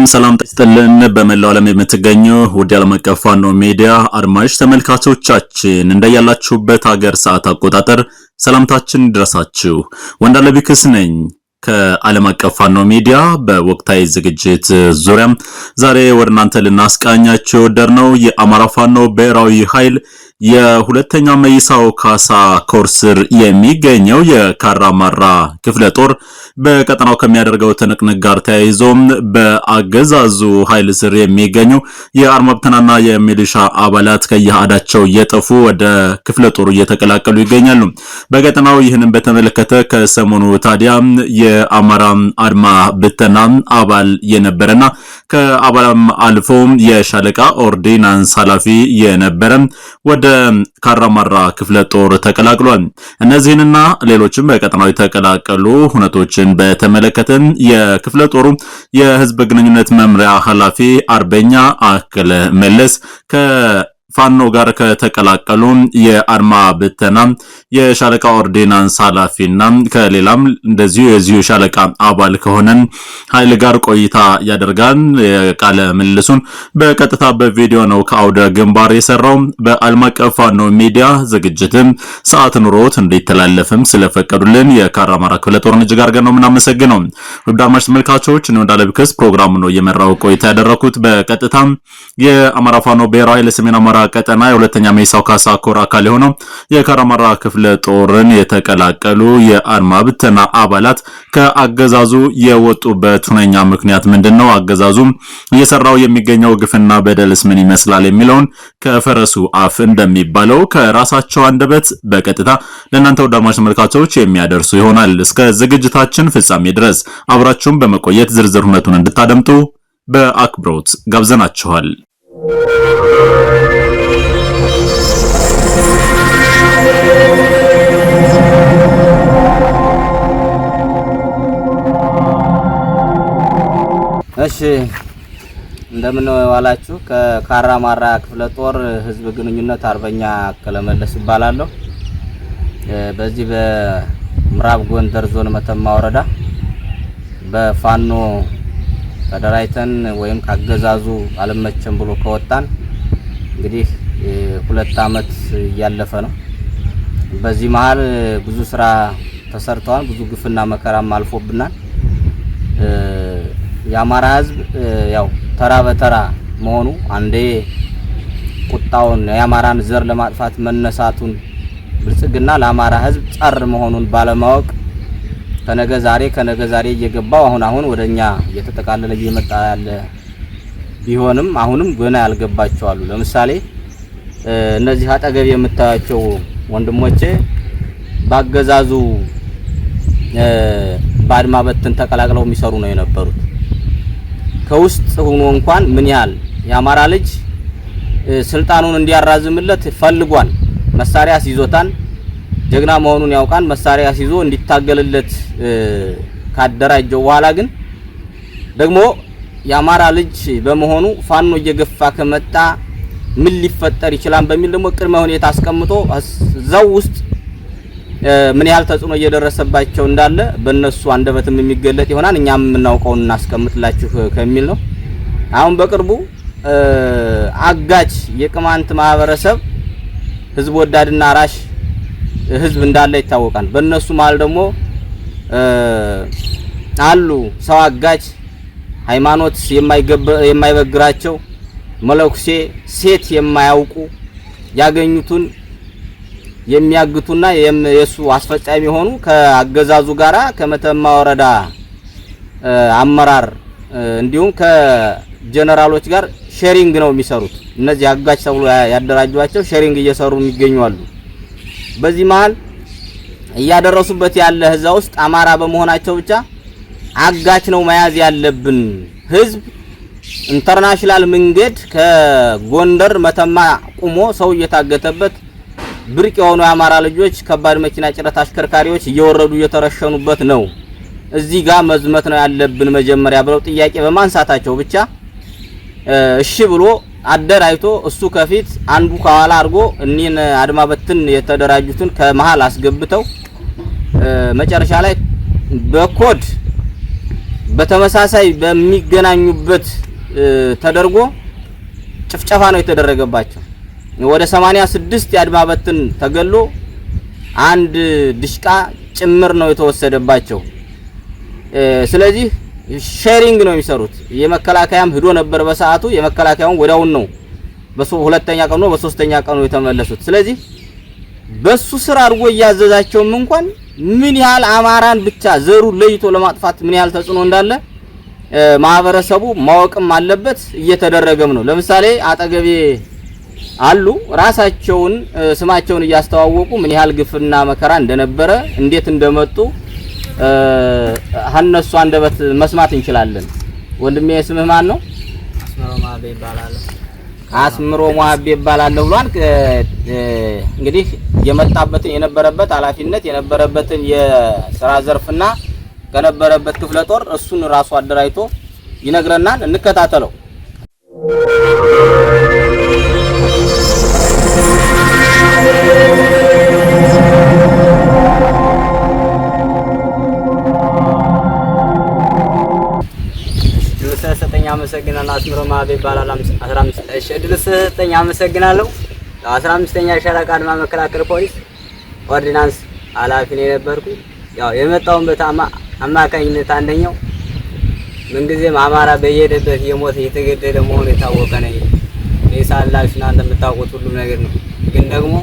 ሰላም ሰላም ጠይስጥልን በመላው ዓለም የምትገኙ ውድ ዓለም አቀፍ ፋኖ ሚዲያ አድማጭ ተመልካቾቻችን እንደያላችሁበት ሀገር ሰዓት አቆጣጠር ሰላምታችን ድረሳችሁ። ወንዳለ ቢክስ ነኝ ከዓለም አቀፍ ፋኖ ሚዲያ በወቅታዊ ዝግጅት ዙሪያም ዛሬ ወደ እናንተ ልናስቃኛችሁ ነው የአማራ ፋኖ ብሔራዊ ኃይል የሁለተኛው መይሳው ካሳ ኮርስር የሚገኘው የካራማራ ክፍለ ጦር በቀጠናው ከሚያደርገው ትንቅንቅ ጋር ተያይዞም በአገዛዙ ኃይል ስር የሚገኙ የአርማብተናና የሚሊሻ አባላት ከየአዳቸው እየጠፉ ወደ ክፍለ ጦሩ እየተቀላቀሉ ይገኛሉ። በቀጠናው ይህንን በተመለከተ ከሰሞኑ ታዲያ የአማራ አድማ ብተና አባል የነበረና ከአባላም አልፎ የሻለቃ ኦርዲናንስ ኃላፊ የነበረ ወደ ካራማራ ክፍለ ጦር ተቀላቅሏል። እነዚህንና ሌሎችም በቀጠናው የተቀላቀሉ ሁነቶችን በተመለከተ የክፍለ ጦሩ የህዝብ ግንኙነት መምሪያ ኃላፊ አርበኛ አክለ መለስ ከፋኖ ጋር ከተቀላቀሉ የአድማ ብተና የሻለቃ ኦርዲናንስ ኃላፊና ከሌላም እንደዚሁ የዚሁ ሻለቃ አባል ከሆነን ኃይል ጋር ቆይታ ያደርጋል። የቃለ ምልልሱን በቀጥታ በቪዲዮ ነው ከአውደ ግንባር የሰራው። በዓለም አቀፍ ፋኖ ሚዲያ ዝግጅትም ሰዓት ኑሮት እንዲተላለፍም ስለፈቀዱልን የካራማራ ክፍለ ጦርን እጅግ አድርገን ነው የምናመሰግነው። ውድ አድማጭ ተመልካቾች እኔ እንዳለብክስ ፕሮግራሙ ነው እየመራው ቆይታ ያደረኩት። በቀጥታ የአማራ ፋኖ ብሔራዊ ለሰሜን አማራ ቀጠና የሁለተኛ ሜሳው ካሳ ኮር አካል የሆነው የካራማራ ክፍለ ክፍለ ጦርን የተቀላቀሉ የአድማ ብተና አባላት ከአገዛዙ የወጡበት ሁነኛ ምክንያት ምንድን ነው? አገዛዙ እየሰራው የሚገኘው ግፍና በደልስ ምን ይመስላል? የሚለውን ከፈረሱ አፍ እንደሚባለው ከራሳቸው አንደበት በቀጥታ ለእናንተ ወዳድማጭ ተመልካቾች የሚያደርሱ ይሆናል። እስከ ዝግጅታችን ፍጻሜ ድረስ አብራችሁን በመቆየት ዝርዝር ሁነቱን እንድታደምጡ በአክብሮት ጋብዘናችኋል። እሺ እንደምን ዋላችሁ። ማራ ክፍለ ጦር ህዝብ ግንኙነት አርበኛ ከለመለስ ይባላለሁ። በዚህ በምዕራብ ጎንደር ዞን መተማ ወረዳ በፋኖ ተደራጅተን ወይም ካገዛዙ አልመቸም ብሎ ከወጣን እንግዲህ ሁለት አመት እያለፈ ነው። በዚህ መሀል ብዙ ስራ ተሰርተዋል። ብዙ ግፍና መከራም አልፎብናል። የአማራ ህዝብ ያው ተራ በተራ መሆኑ አንዴ ቁጣውን የአማራን ዘር ለማጥፋት መነሳቱን ብልጽግና ለአማራ ህዝብ ጸር መሆኑን ባለማወቅ ከነገ ዛሬ ከነገ ዛሬ እየገባው አሁን አሁን ወደኛ እየተጠቃለለ እየመጣ ያለ ቢሆንም አሁንም ገና ያልገባቸዋሉ ለምሳሌ እነዚህ አጠገብ የምታያቸው ወንድሞቼ በአገዛዙ በአድማ በትን ተቀላቅለው የሚሰሩ ነው የነበሩት። ከውስጥ ሆኖ እንኳን ምን ያህል የአማራ ልጅ ስልጣኑን እንዲያራዝምለት ፈልጓል። መሳሪያ ሲዞታን ጀግና መሆኑን ያውቃል። መሳሪያ ሲዞ እንዲታገልለት ካደራጀው በኋላ ግን ደግሞ የአማራ ልጅ በመሆኑ ፋኖ እየገፋ ከመጣ ምን ሊፈጠር ይችላል በሚል ደግሞ ቅድመ ሁኔታ አስቀምጦ እዛው ውስጥ ምን ያህል ተጽዕኖ እየደረሰባቸው እንዳለ በእነሱ አንደበትም የሚገለጥ ይሆናል። እኛም የምናውቀውን እናስቀምጥላችሁ ከሚል ነው። አሁን በቅርቡ አጋች የቅማንት ማህበረሰብ ህዝብ ወዳድና አራሽ ህዝብ እንዳለ ይታወቃል። በእነሱ መሀል ደግሞ አሉ ሰው አጋች፣ ሃይማኖት የማይበግራቸው መለኩሴ፣ ሴት የማያውቁ ያገኙትን የሚያግቱና የሱ አስፈጻሚ የሆኑ ከአገዛዙ ጋራ ከመተማ ወረዳ አመራር እንዲሁም ከጀነራሎች ጋር ሼሪንግ ነው የሚሰሩት። እነዚህ አጋች ተብሎ ያደራጇቸው ሼሪንግ እየሰሩ የሚገኙ አሉ። በዚህ መሀል እያደረሱበት ያለ ህዛ ውስጥ አማራ በመሆናቸው ብቻ አጋች ነው መያዝ ያለብን ህዝብ ኢንተርናሽናል መንገድ ከጎንደር መተማ ቁሞ ሰው እየታገተበት ብርቅ የሆኑ የአማራ ልጆች ከባድ መኪና ጭነት አሽከርካሪዎች እየወረዱ እየተረሸኑበት ነው፣ እዚህ ጋር መዝመት ነው ያለብን መጀመሪያ ብለው ጥያቄ በማንሳታቸው ብቻ እሺ ብሎ አደራጅቶ እሱ ከፊት አንዱ ከኋላ አድርጎ እኒህን አድማ በትን የተደራጁትን ከመሀል አስገብተው መጨረሻ ላይ በኮድ በተመሳሳይ በሚገናኙበት ተደርጎ ጭፍጨፋ ነው የተደረገባቸው። ወደ 86 የአድማ በትን ተገሎ አንድ ድሽቃ ጭምር ነው የተወሰደባቸው። ስለዚህ ሼሪንግ ነው የሚሰሩት። የመከላከያም ሂዶ ነበር በሰዓቱ የመከላከያውን ወዳውን ነው በሁለተኛ ቀኑ በሶስተኛ ቀኑ የተመለሱት። ስለዚህ በሱ ስር አድርጎ እያዘዛቸውም እንኳን ምን ያህል አማራን ብቻ ዘሩ ለይቶ ለማጥፋት ምን ያህል ተጽዕኖ እንዳለ ማህበረሰቡ ማወቅም አለበት፣ እየተደረገም ነው። ለምሳሌ አጠገቤ አሉ ራሳቸውን ስማቸውን እያስተዋወቁ ምን ያህል ግፍና መከራ እንደነበረ እንዴት እንደመጡ ሀነሱ አንደበት መስማት እንችላለን። ወንድሜ ስምህ ማን ነው? አስምሮ ሙሀቤ ይባላለሁ ብሏል። እንግዲህ የመጣበትን የነበረበት ኃላፊነት የነበረበትን የስራ ዘርፍና ከነበረበት ክፍለ ጦር እሱን ራሱ አደራጅቶ ይነግረናል። እንከታተለው። አመሰግናለሁ። አስምሮ ይባላል። እሺ፣ እድል ስጠኝ አመሰግናለሁ። አስራ አምስተኛ አድማ መከላከል ፖሊስ ኦርዲናንስ ኃላፊ ነው የነበርኩ። ያው አማካኝነት አንደኛው ምንጊዜም አማራ በየሄደበት የተገደለ መሆኑ የታወቀ ነው። ሬሳ አላችሁ እናንተ የምታውቁት ሁሉም ነገር ነው። ግን ደግሞ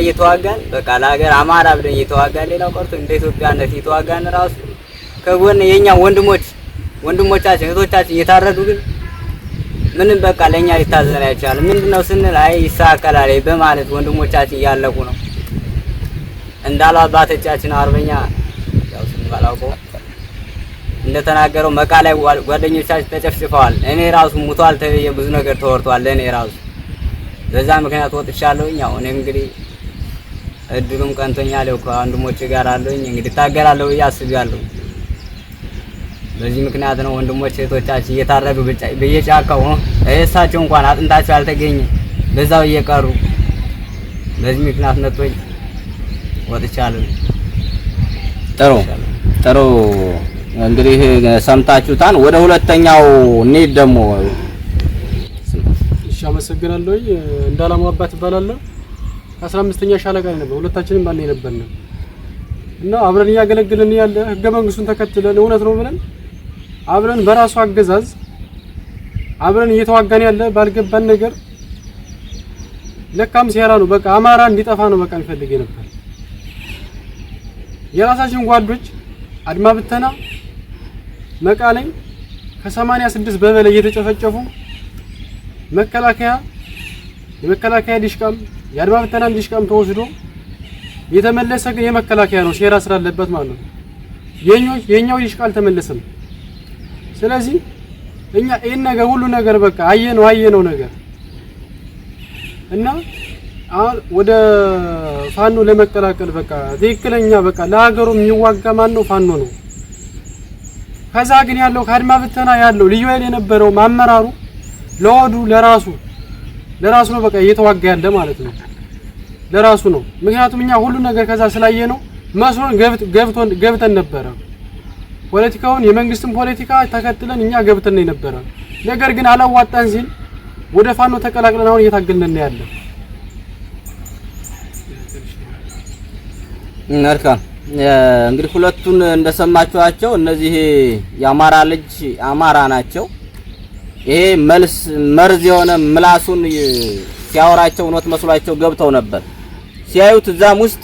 እየተዋጋን በቃ ለሀገር አማራ ብለን እየተዋጋን ሌላው ቀርቶ እንደ ኢትዮጵያነት እየተዋጋን ራሱ ከጎን የኛ ወንድሞች ወንድሞቻችን እህቶቻችን እየታረዱ ግን ምንም በቃ ለእኛ ሊታዘን አይቻልም። ምንድነው ስንል አይ ይሳካላል በማለት ወንድሞቻችን እያለቁ ነው። እንዳሉ አባቶቻችን አርበኛ ያው እንደተናገረው መቃ ላይ ጓደኞቻችን ተጨፍጭፈዋል። እኔ ራሱ ሙቷል ተብዬ ብዙ ነገር ተወርቷል። ለእኔ ራሱ በዛ ምክንያት ወጥቻለሁኝ። ያው እኔም እንግዲህ እድሉም ቀንቶኛል። ያው ከወንድሞቼ ጋር አለሁኝ እንግዲህ ታገላለሁ ብዬ አስቤያለሁ። በዚህ ምክንያት ነው ወንድሞች እህቶቻችን እየታረዱ በየጫካው እሳቸው እንኳን አጥንታቸው ያልተገኘ በዛው እየቀሩ በዚህ ምክንያት መጥቶኝ ወጥቻለሁ። ጥሩ ጥሩ። እንግዲህ ሰምታችሁታን። ወደ ሁለተኛው እንሂድ ደግሞ። እሺ፣ አመሰግናለሁ። እንዳላማው አባት እባላለሁ። አስራ አምስተኛ ሻለቃ ነበር። ሁለታችንም ባል ነበርን እና አብረን እያገለግልን ያለ ህገ መንግስቱን ተከትለን እውነት ነው ብለን አብረን በራሱ አገዛዝ አብረን እየተዋጋን ያለ ባልገባን ነገር ለካም ሴራ ነው። በቃ አማራ እንዲጠፋ ነው በቃ እንፈልግ ነበር። የራሳችን ጓዶች አድማ ብተና መቃለኝ ከ86 በበላይ እየተጨፈጨፉ መከላከያ የመከላከያ ዲሽቃም የአድማ ብተና ዲሽቃም ተወስዶ የተመለሰ ግን የመከላከያ ነው ሴራ ስላለበት ማለት ነው። የኛው ዲሽቃ አልተመለሰም። ስለዚህ እኛ ይህን ነገር ሁሉ ነገር በቃ አየነው አየነው ነገር እና አሁን ወደ ፋኖ ለመቀላቀል በቃ ትክክለኛ በቃ ለሀገሩ የሚዋጋ ማን ነው? ፋኖ ነው። ከዛ ግን ያለው ከአድማ ብተና ያለው ልዩ ኃይል የነበረው አመራሩ ለወዱ ለራሱ ለራሱ ነው በቃ እየተዋጋ ያለ ማለት ነው። ለራሱ ነው። ምክንያቱም እኛ ሁሉ ነገር ከዛ ስላየ ነው መስሎን ገብተን ነበረ። ፖለቲካውን የመንግስትን ፖለቲካ ተከትለን እኛ ገብተን የነበረ ነገር ግን አላዋጣን ሲል ወደ ፋኖ ተቀላቅለን አሁን እየታገልነን ያለን። መልካም እንግዲህ ሁለቱን እንደሰማችኋቸው እነዚህ የአማራ ልጅ አማራ ናቸው። ይሄ መልስ መርዝ የሆነ ምላሱን ሲያወራቸው እውነት መስሏቸው ገብተው ነበር። ሲያዩት እዛም ውስጥ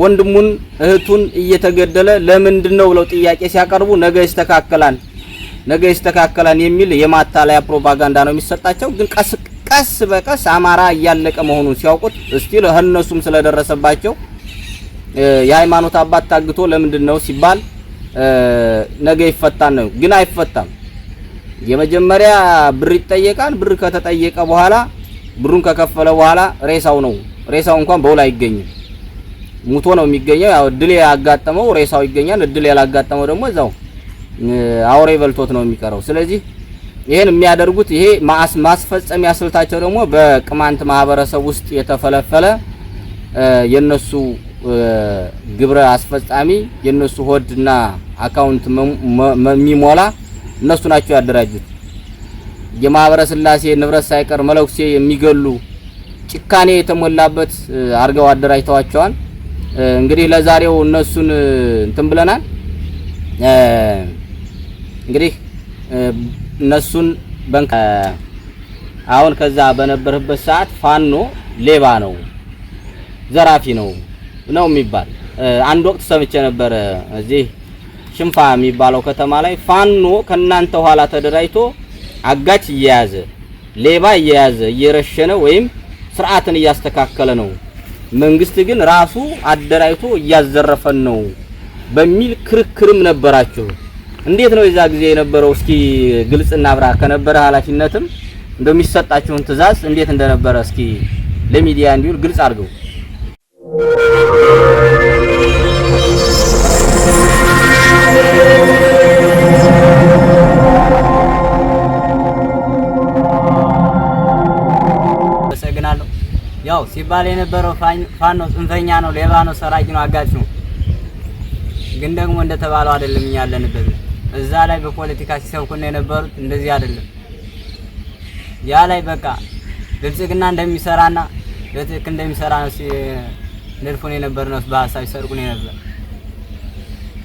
ወንድሙን እህቱን እየተገደለ ለምንድን ነው ብለው ጥያቄ ሲያቀርቡ ነገ ይስተካከላል፣ ነገ ይስተካከላል የሚል የማታለያ ፕሮፓጋንዳ ነው የሚሰጣቸው። ግን ቀስ ቀስ በቀስ አማራ እያለቀ መሆኑን ሲያውቁት እስቲል እነሱም ስለደረሰባቸው የሃይማኖት አባት ታግቶ ለምንድን ነው ሲባል ነገ ይፈታል ነው። ግን አይፈታም። የመጀመሪያ ብር ይጠየቃል። ብር ከተጠየቀ በኋላ ብሩን ከከፈለ በኋላ ሬሳው ነው ሬሳው እንኳን በውል አይገኝም። ሙቶ ነው የሚገኘው። ያው እድል ያጋጠመው ሬሳው ይገኛል። እድል ያላጋጠመው ደግሞ እዛው አውሬ በልቶት ነው የሚቀረው። ስለዚህ ይሄን የሚያደርጉት ይሄ ማስፈጸሚያ ስልታቸው ደግሞ በቅማንት ማህበረሰብ ውስጥ የተፈለፈለ የነሱ ግብረ አስፈጻሚ የነሱ ሆድና አካውንት የሚሞላ እነሱ ናቸው ያደራጁት። የማህበረ ስላሴ ንብረት ሳይቀር መለኩሴ የሚገሉ ጭካኔ የተሞላበት አድርገው አደራጅተዋቸዋል። እንግዲህ ለዛሬው እነሱን እንትን ብለናል። እንግዲህ እነሱን አሁን ከዛ በነበርህበት ሰዓት ፋኖ ሌባ ነው፣ ዘራፊ ነው ነው የሚባል አንድ ወቅት ሰምቼ ነበር። እዚህ ሽንፋ የሚባለው ከተማ ላይ ፋኖ ከናንተ ኋላ ተደራጅቶ አጋች እየያዘ ሌባ እየያዘ እየረሸነ ወይም ስርዓትን እያስተካከለ ነው መንግስት ግን ራሱ አደራጅቶ እያዘረፈን ነው በሚል ክርክርም ነበራችሁ። እንዴት ነው የዛ ጊዜ የነበረው? እስኪ ግልጽና አብራ ከነበረ ኃላፊነትም እንደሚሰጣችሁን ትዕዛዝ እንዴት እንደነበረ እስኪ ለሚዲያ እንዲውል ግልጽ አድርገው። ያው ሲባል የነበረው ፋኖ ጽንፈኛ ነው፣ ሌባ ነው፣ ሰራቂ ነው፣ አጋጭ ነው። ግን ደግሞ እንደተባለው አይደለም። እኛ ያለንበት እዛ ላይ በፖለቲካ ነው የነበሩት እንደዚህ አይደለም። ያ ላይ በቃ ብልጽግና እንደሚሰራና በትክክል እንደሚሰራ ነው ሲነድፉን የነበር ነው፣ በሀሳብ ነው የነበር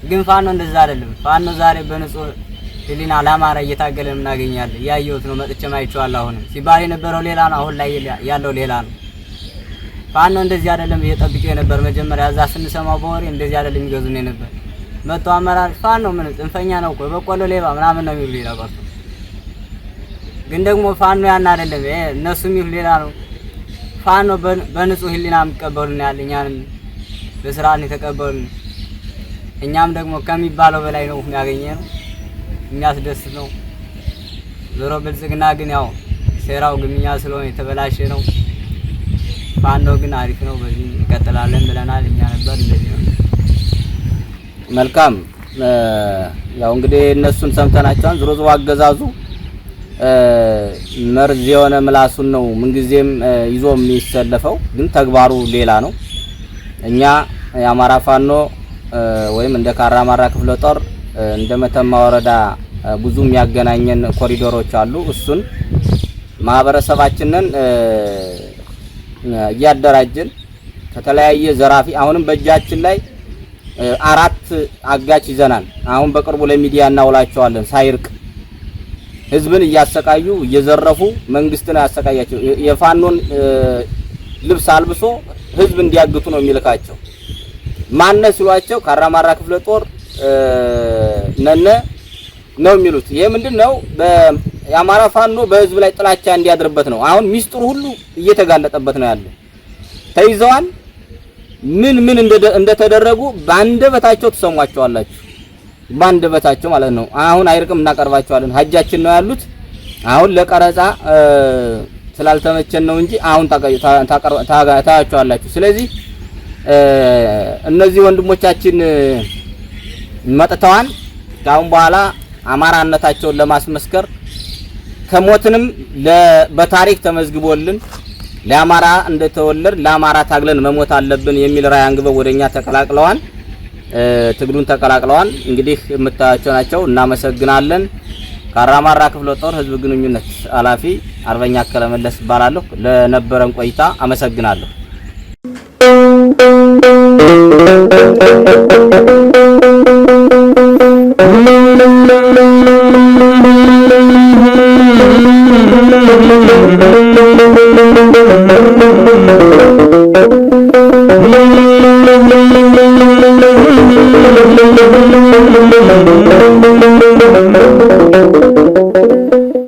ግን ፋኖ እንደዛ አይደለም። ፋኖ ዛሬ በንጹህ ህሊና ለአማራ እየታገለ እናገኛለን። ያየሁት ነው መጥቼም አይቼዋለሁ። አሁንም ሲባል የነበረው ሌላ ነው፣ አሁን ላይ ያለው ሌላ ነው። ፋኖ እንደዚህ አይደለም እየጠብቀው የነበር መጀመሪያ እዛ ስንሰማው በወሬ እንደዚህ አይደለም ይገዙን የነበር መቶ አመራር ፋኖ ምን ጽንፈኛ ነው ቆይ በቆሎ ሌባ ምናምን ነው የሚሉ ሌላ ቀርቶ፣ ግን ደግሞ ፋኖ ያን አይደለም እነሱ የሚሉ ሌላ ነው። ፋኖ በንጹህ ህሊና የሚቀበሉን ያለ እኛንም በስርዓት የተቀበሉን እኛም ደግሞ ከሚባለው በላይ ነው ያገኘ ነው የሚያስደስት ነው። ዞሮ ብልጽግና ግን ያው ሴራው ግምኛ ስለሆነ የተበላሸ ነው። ባለው ግን አሪፍ ነው። በዚህ እንቀጥላለን ብለናል እኛ ነበር። እንደዚህ ነው። መልካም ያው እንግዲህ እነሱን ሰምተናቸዋል። ዞሮ ዞሮ አገዛዙ መርዝ የሆነ ምላሱን ነው ምንጊዜም ይዞ የሚሰለፈው፣ ግን ተግባሩ ሌላ ነው። እኛ የአማራ ፋኖ ወይም እንደ ካራማራ ክፍለ ጦር እንደ መተማ ወረዳ ብዙ የሚያገናኘን ኮሪዶሮች አሉ። እሱን ማህበረሰባችንን እያደራጀን ከተለያየ ዘራፊ አሁንም በእጃችን ላይ አራት አጋች ይዘናል። አሁን በቅርቡ ለሚዲያ እናውላቸዋለን። ሳይርቅ ህዝብን እያሰቃዩ እየዘረፉ መንግስትን ያሰቃያቸው የፋኖን ልብስ አልብሶ ህዝብ እንዲያግቱ ነው የሚልካቸው። ማነ ሲሏቸው ከአራማራ ክፍለ ጦር ነነ ነው የሚሉት። ይሄ ምንድን ነው? የአማራ ፋኖ በህዝብ ላይ ጥላቻ እንዲያድርበት ነው። አሁን ሚስጥሩ ሁሉ እየተጋለጠበት ነው ያለው። ተይዘዋል። ምን ምን እንደተደረጉ በአንደበታቸው ትሰሟቸዋላችሁ። በአንደበታቸው ማለት ነው። አሁን አይርቅም፣ እናቀርባቸዋለን። ሀጃችን ነው ያሉት። አሁን ለቀረጻ ስላልተመቸን ነው እንጂ አሁን ታያቸዋላችሁ። ስለዚህ እነዚህ ወንድሞቻችን መጥተዋል። ከአሁን በኋላ አማራነታቸውን ለማስመስከር ከሞትንም በታሪክ ተመዝግቦልን ለአማራ እንደተወለድ ለአማራ ታግለን መሞት አለብን የሚል ራዕይ አንግበው ወደኛ ተቀላቅለዋል። ትግሉን ተቀላቅለዋል። እንግዲህ የምታያቸው ናቸው። እናመሰግናለን። ካራማራ ክፍለ ጦር ህዝብ ግንኙነት ኃላፊ አርበኛ ከለመለስ መለስ እባላለሁ። ለነበረን ቆይታ አመሰግናለሁ።